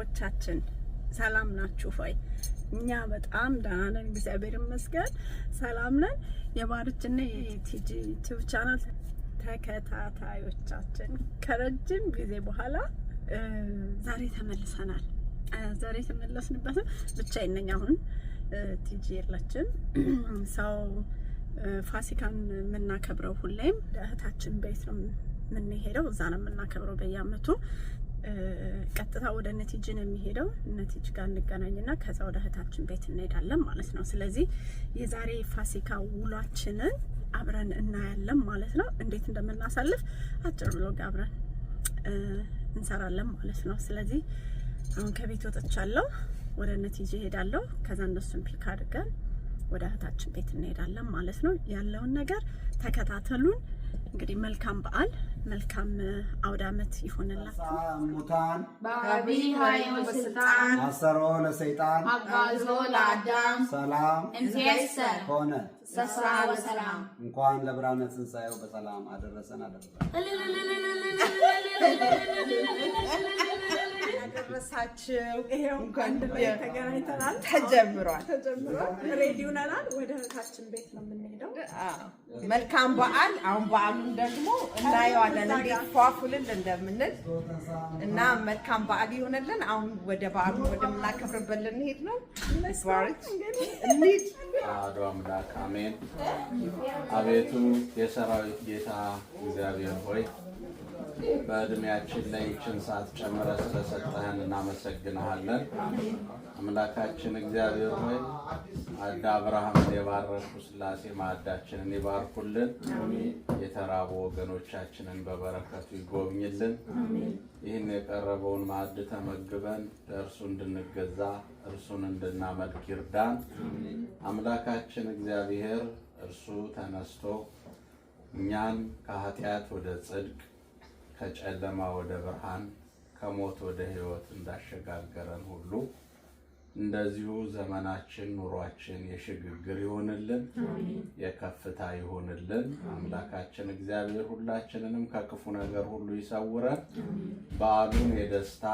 ቤተሰቦቻችን ሰላም ናችሁ ሆይ? እኛ በጣም ደህና ነን፣ እግዚአብሔር ይመስገን ሰላም ነን። የባርችና የቲጂ ዩቲዩብ ቻናል ተከታታዮቻችን ከረጅም ጊዜ በኋላ ዛሬ ተመልሰናል። ዛሬ የተመለስንበትም ብቻዬን ነኝ። አሁን ቲጂ የለችም። ሰው ፋሲካን የምናከብረው ሁሌም ለእህታችን ቤት ነው የምንሄደው። እዛ ነው የምናከብረው በየአመቱ ቀጥታ ወደ ነቲጅ ነው የሚሄደው። ነቲጅ ጋር እንገናኝና ከዛ ወደ እህታችን ቤት እንሄዳለን ማለት ነው። ስለዚህ የዛሬ ፋሲካ ውሏችንን አብረን እናያለን ማለት ነው። እንዴት እንደምናሳልፍ አጭር ብሎግ አብረን እንሰራለን ማለት ነው። ስለዚህ አሁን ከቤት ወጥቻለሁ፣ ወደ ነቲጅ እሄዳለሁ። ከዛ እነሱን ፒክ አድርገን ወደ እህታችን ቤት እንሄዳለን ማለት ነው። ያለውን ነገር ተከታተሉን። እንግዲህ መልካም በዓል መልካም አውደ ዓመት ይሆንላችሁ። ሙታን በአቢይ ኃይል ወስልጣን አሰሮ ለሰይጣን አጋዞ ለአዳም ሰላም እምሴሰ ሆነ ሰሳ በሰላም እንኳን ለብርሃነ ትንሣኤው በሰላም አደረሰን አደረሰን። አደረሳችሁ። ይሄው አንድ ላይ ተገናኝተናል። ተጀምሯል ተጀምሯል። ሬዲ ሆነናል። ወደ እህታችን ቤት ነው የምንሄደው። መልካም በዓል። አሁን በዓሉን ደግሞ እናየዋለን እንዴት ፏፉልን እንደምንል እና መልካም በዓል ይሆነልን። አሁን ወደ በዓሉ ወደምናከብርበት ልንሄድ ነው። ባርች እንሂድ። አሐዱ አምላክ አሜን። አቤቱ የሰራዊት ጌታ እግዚአብሔር ሆይ በእድሜያችን ላይ ይችን ሰዓት ጨምረ ስለሰጠህን እናመሰግንሃለን። አምላካችን እግዚአብሔር ሆይ አዳ አብርሃምን የባረኩ ስላሴ ማዕዳችንን ይባርኩልን። የተራቡ ወገኖቻችንን በበረከቱ ይጎብኝልን። ይህን የቀረበውን ማዕድ ተመግበን ለእርሱ እንድንገዛ እርሱን እንድናመልክ ይርዳን። አምላካችን እግዚአብሔር እርሱ ተነስቶ እኛን ከኃጢአት ወደ ጽድቅ ከጨለማ ወደ ብርሃን ከሞት ወደ ሕይወት እንዳሸጋገረን ሁሉ እንደዚሁ ዘመናችን፣ ኑሯችን የሽግግር ይሆንልን፣ የከፍታ ይሆንልን። አምላካችን እግዚአብሔር ሁላችንንም ከክፉ ነገር ሁሉ ይሰውረን። በዓሉን የደስታ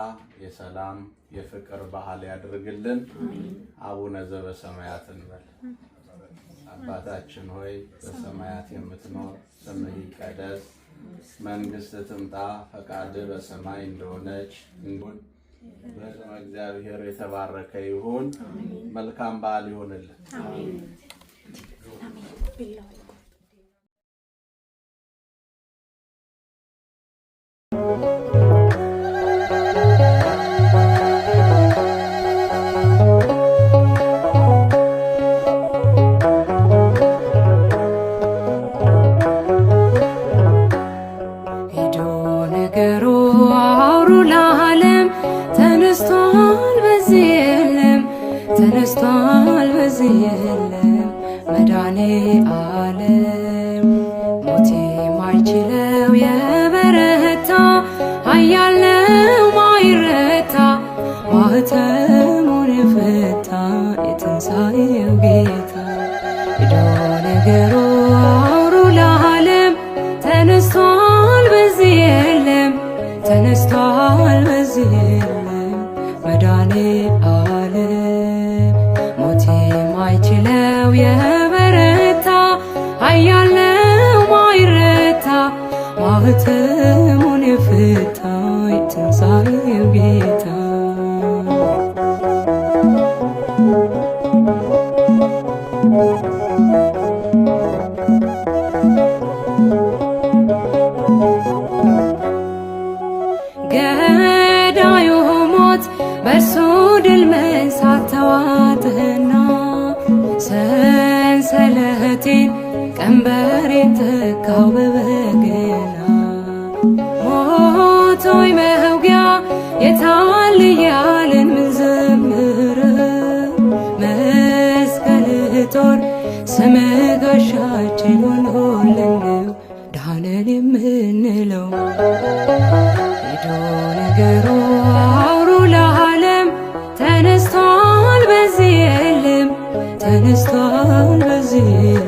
የሰላም፣ የፍቅር በዓል ያድርግልን። አቡነ ዘበሰማያት እንበል። አባታችን ሆይ በሰማያት የምትኖር ስምህ ይቀደስ መንግስት ትምጣ፣ ፈቃድ በሰማይ እንደሆነች እንዲሁም በስመ እግዚአብሔር የተባረከ ይሁን። መልካም በዓል ይሆንልን። Yeah. በሬተ ካብ በበገና ሞቶይ መውጊያ የታልያልን ምዘምረ መስቀል ጦር ስም ጋሻችን ሆንልን ዳነን የምንለው ሄዶ ነገሩ አውሩ ለዓለም ተነስቷል በዚህ የለም ተነስቷል በዚህ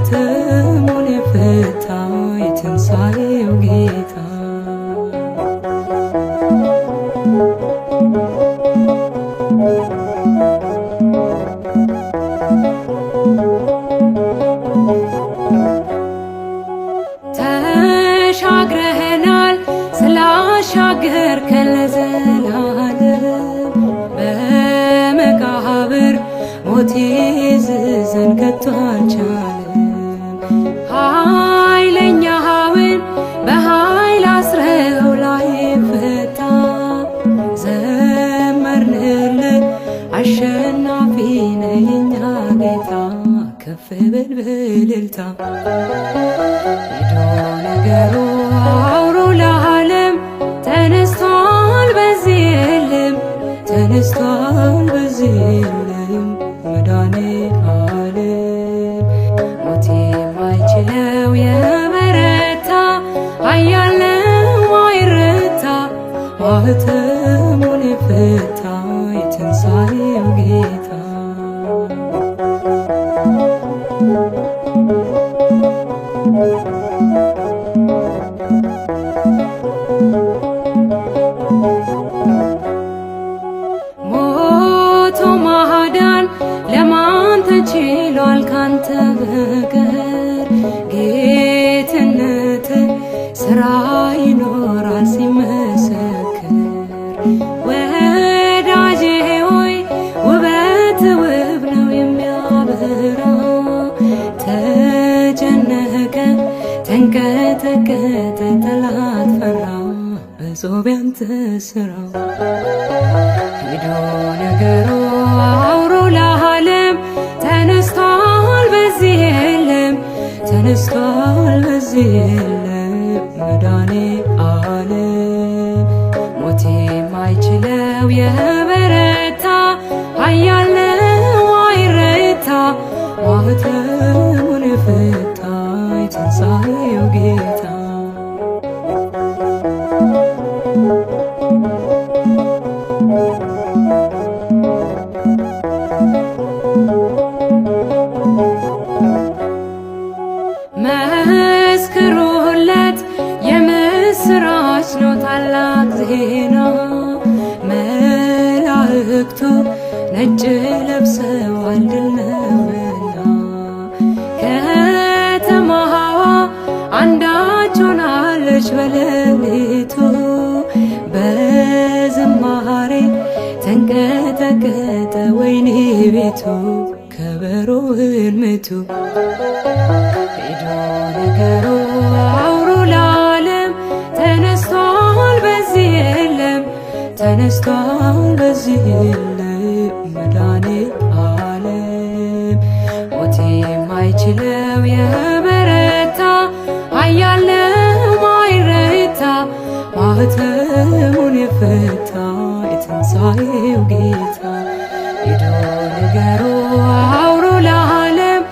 的。ጌታ ሄዶ ነገሩ አውሮ ለዓለም ተነስቷል በዚህ የለም ተነስቷል በዚህ የለም መድኃኔዓለም ሞት የማይችለው የበረታ ኃያል ነው አይረታ ማኅተሙን የፈታ የትንሣኤ የተቀጠ ጠላት ፈራ ብዙ ቢያንተ ስራው ሄዶ ነገሩ አውሮ ለዓለም ተነስቷል በዚህ የለም ተነስቷል በዚህ የለም መዳኔ አለ ሞቴ ማይችለው የበረ ደስታ በዚህ የለም መድኃኔዓለም ሞት የማይችለው የበረታ አያለ ነው ማይረታ ማኅተሙን የፈታ የትንሣኤው ጌታ ሂዱ ንገሩ አውሩ ለዓለም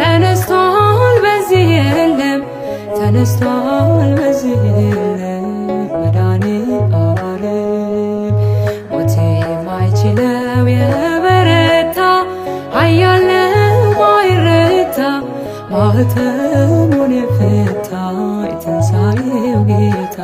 ተነስቷል በዚህ የለም ተነስቷል በዚህ ማህተሙን የፈታ የትንሣኤው ጌታ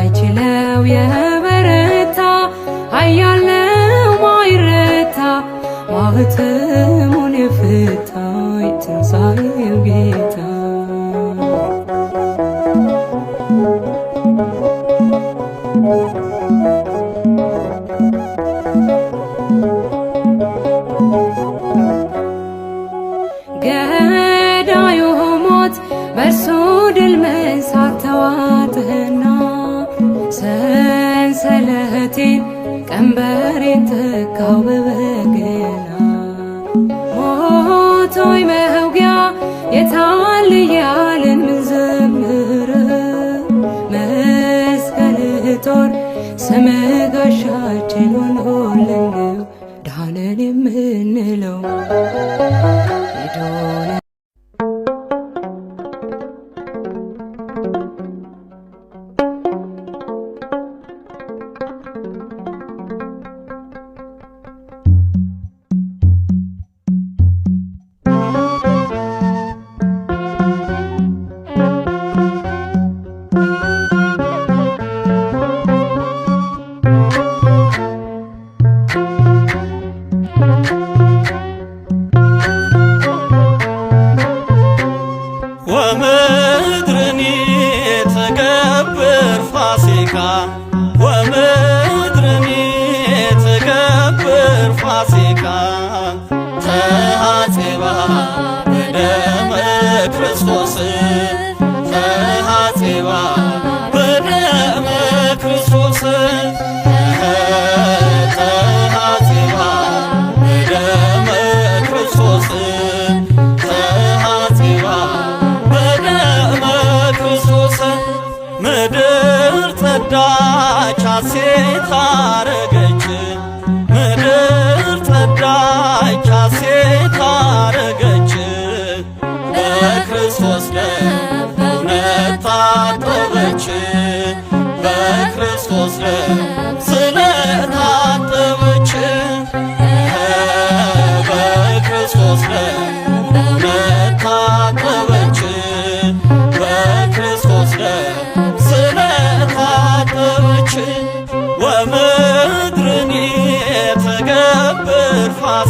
የማይችለው የበረታ ኃያል ነው ማይረታ ማኅተሙን የፈታ የትንሣኤው ጌታ ስምህ ጋሻችን ሆነ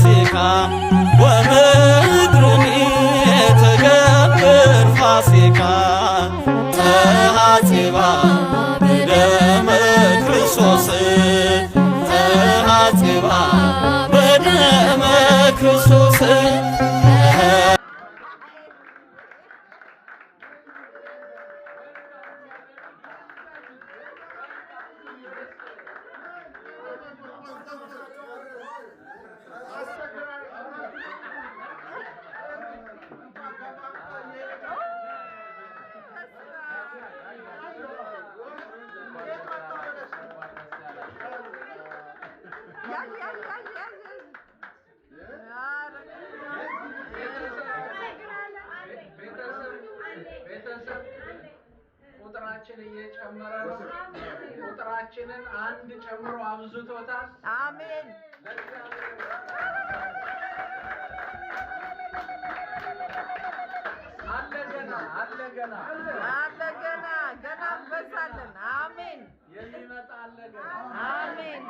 ፋሲካ ወምድርን የተገብር ፋሲካ አድርጎታል። አሜን። አለ ገና ገና እንበሳለን። አሜን። የሚመጣ አለ ገና አሜን።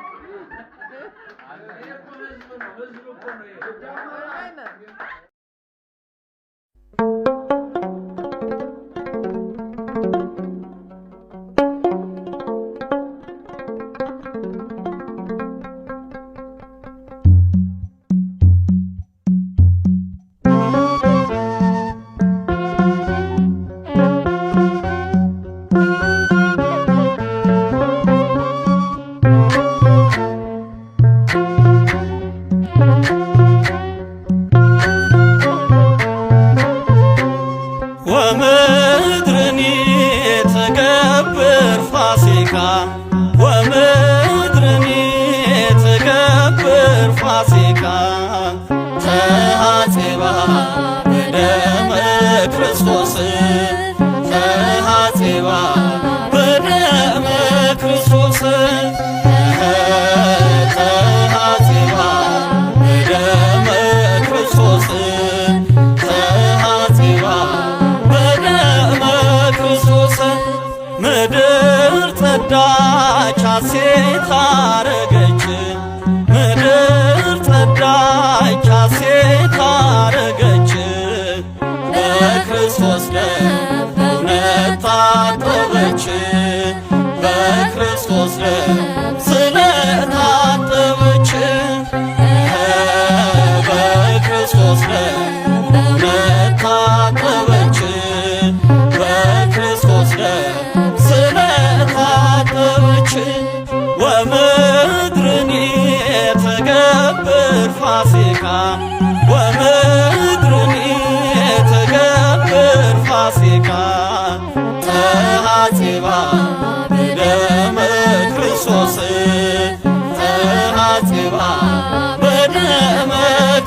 ክርስቶስ ነው።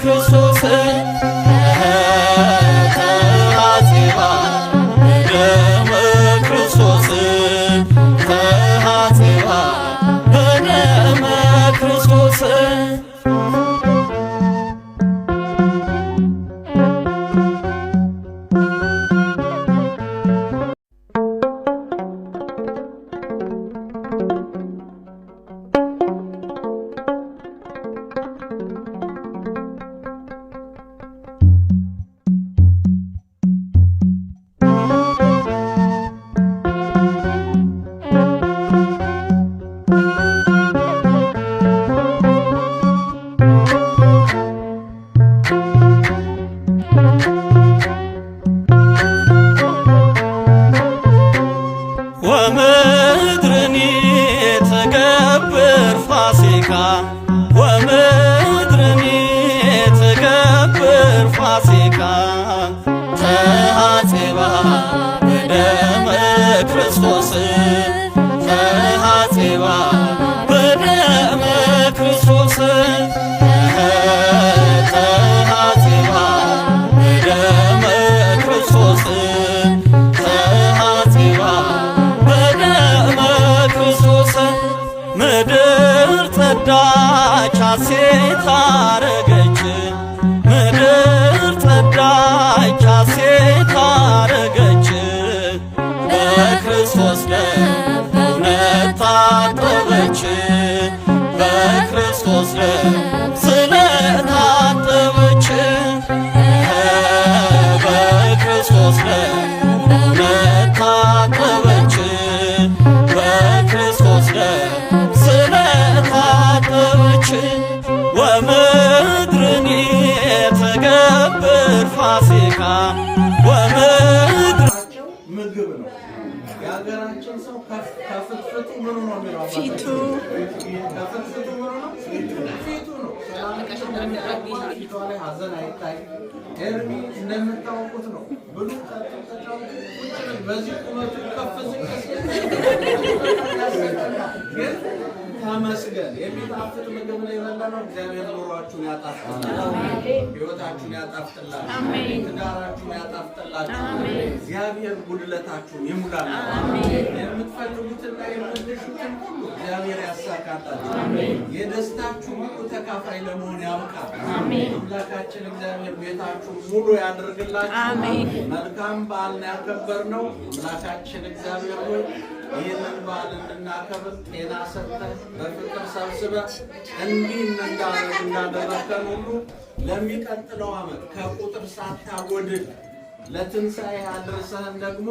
ክርስቶስ ምግብ ነው። የሀገራችን ሰው ከፍትፍቱ ምኑ ነው የሚለው ፊቱ ከፍትፍቱ ምኑ ነው ፊቱ ነው። ሀዘን አይታይ። ኤርሚ እንደምታወቁት ነው ብሉ በዚህ ቁመቱ ከፍ ዝቅ ተመስገን። የሚጣፍጥ ምግብ ነው የበላነው። እግዚአብሔር ኑሯችሁን ያጣፍጥላችሁ፣ ሕይወታችሁን ያጣፍጥላችሁ፣ ትዳራችሁን ያጣፍጥላችሁ። እግዚአብሔር ጉድለታችሁን ይሙላላችሁ። የምትፈልጉትና የምትሹትን ሁሉ እግዚአብሔር ያሳካላችሁ። የደስታችሁ ሁሉ ተካፋይ ለመሆን ያብቃል። አምላካችን እግዚአብሔር ቤታችሁ ሙሉ ያድርግላችሁ። መልካም በዓል ነው ያከበርነው። አምላካችን እግዚአብሔር ሆይ ይህንን በዓል እንድናከብር ጤና ሰጥተህ በፍቅር ሰብስበህ እንዲህ እንዳደረከን ሁሉ ለሚቀጥለው ዓመት ከቁጥር ሳታጎድል ለትንሣኤ አድርሰህን ደግሞ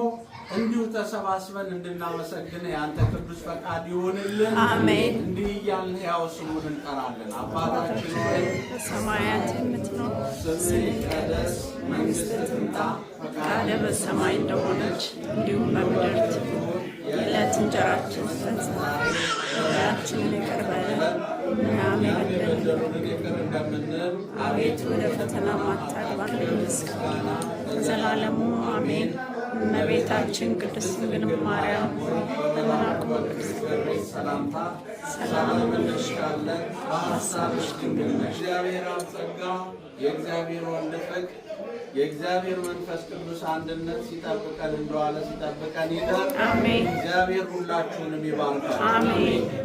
እንዲሁ ተሰባስበን እንድናመሰግን የአንተ ቅዱስ ፈቃድ ይሆንልን። አሜን። እንዲህ እያልን ሕያው ስሙን እንጠራለን። አባታችን ሆይ በሰማያት የምትኖር ስምህ ይቀደስ፣ መንግሥትህ ትምጣ፣ ፈቃድህ በሰማይ እንደሆነች እንዲሁም በምድር ትሁን እንጀራችን ስጠን ዛሬ በደላችንን ይቅር በለን እኛም የበደሉንን አቤቱ፣ ወደ ፈተና አታግባን እስከሆነ ዘላለሙ አሜን። እመቤታችን ቅድስት ድንግል ማርያም ለመልአኩ ቅዱስ ሰላም እንልሻለን፣ በሐሳብሽ ድንግል ነሽ። እግዚአብሔር አብ ጸጋ የእግዚአብሔር ወልድ ፍቅር የእግዚአብሔር መንፈስ ቅዱስ አንድነት ሲጠብቀን እንደዋለ ሲጠብቀን ይደር። እግዚአብሔር ሁላችሁንም ይባርካል። አሜን።